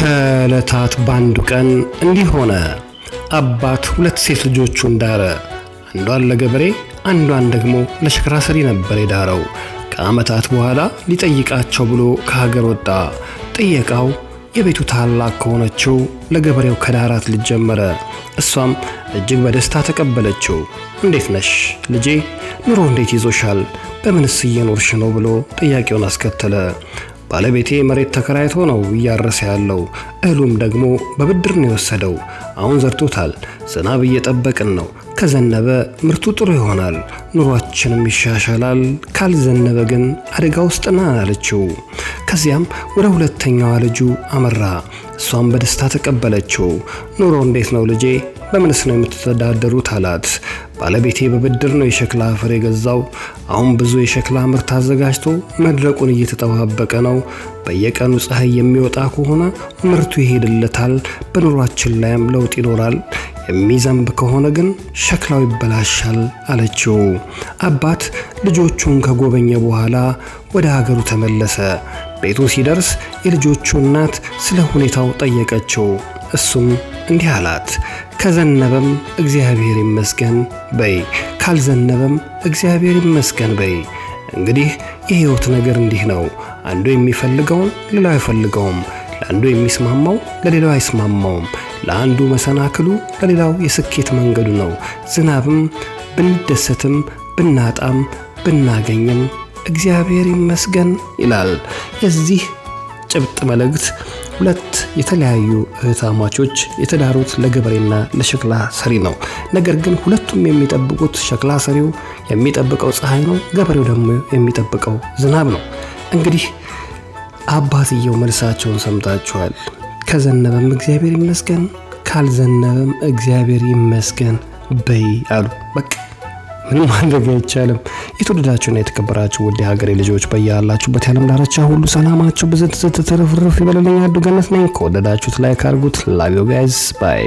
ከዕለታት በአንዱ ቀን እንዲህ ሆነ። አባት ሁለት ሴት ልጆቹን ዳረ። አንዷን ለገበሬ አንዷን ደግሞ ለሸክራ ሰሪ ነበር የዳረው። ከዓመታት በኋላ ሊጠይቃቸው ብሎ ከሀገር ወጣ። ጥየቃው የቤቱ ታላቅ ከሆነችው ለገበሬው ከዳራት ልጅ ጀመረ። እሷም እጅግ በደስታ ተቀበለችው። እንዴት ነሽ ልጄ? ኑሮ እንዴት ይዞሻል? በምንስ እየኖርሽ ነው? ብሎ ጥያቄውን አስከተለ። ባለቤቴ መሬት ተከራይቶ ነው እያረሰ ያለው። እህሉም ደግሞ በብድር ነው የወሰደው። አሁን ዘርቶታል። ዝናብ እየጠበቅን ነው። ከዘነበ ምርቱ ጥሩ ይሆናል፣ ኑሯችንም ይሻሻላል። ካልዘነበ ግን አደጋ ውስጥ ነን አለችው። ከዚያም ወደ ሁለተኛዋ ልጁ አመራ። እሷም በደስታ ተቀበለችው። ኑሮ እንዴት ነው ልጄ? በምንስ ነው የምትተዳደሩት አላት። ባለቤቴ በብድር ነው የሸክላ አፈር የገዛው። አሁን ብዙ የሸክላ ምርት አዘጋጅቶ መድረቁን እየተጠባበቀ ነው። በየቀኑ ፀሐይ የሚወጣ ከሆነ ምርቱ ይሄድለታል። በኑሯችን ላይም ለውጥ ይኖራል። የሚዘንብ ከሆነ ግን ሸክላው ይበላሻል አለችው። አባት ልጆቹን ከጎበኘ በኋላ ወደ ሀገሩ ተመለሰ። ቤቱ ሲደርስ የልጆቹ እናት ስለ ሁኔታው ጠየቀችው። እሱም እንዲህ አላት፣ ከዘነበም እግዚአብሔር ይመስገን በይ፣ ካልዘነበም እግዚአብሔር ይመስገን በይ። እንግዲህ የሕይወት ነገር እንዲህ ነው። አንዱ የሚፈልገውን ሌላው አይፈልገውም። ለአንዱ የሚስማማው ለሌላው አይስማማውም። ለአንዱ መሰናክሉ ለሌላው የስኬት መንገዱ ነው። ዝናብም ብንደሰትም ብናጣም ብናገኝም እግዚአብሔር ይመስገን ይላል። የዚህ ጭብጥ መልእክት ሁለት የተለያዩ እህታማቾች የተዳሩት ለገበሬና ለሸክላ ሰሪ ነው። ነገር ግን ሁለቱም የሚጠብቁት ሸክላ ሰሪው የሚጠብቀው ፀሐይ ነው፣ ገበሬው ደግሞ የሚጠብቀው ዝናብ ነው። እንግዲህ አባትየው መልሳቸውን ሰምታችኋል። ከዘነበም እግዚአብሔር ይመስገን፣ ካልዘነበም እግዚአብሔር ይመስገን በይ አሉ። በቃ ምንም ማድረግ አይቻልም። የተወደዳችሁና የተከበራችሁ ውድ ሀገሬ ልጆች በያላችሁበት የዓለም ዳርቻ ሁሉ ሰላማችሁ ብዝት ዝት ትርፍርፍ ይበልልኝ። አዱ ገነት ነኝ። ከወደዳችሁት ላይክ አድርጉት። ላቪዮ ጋይዝ ባይ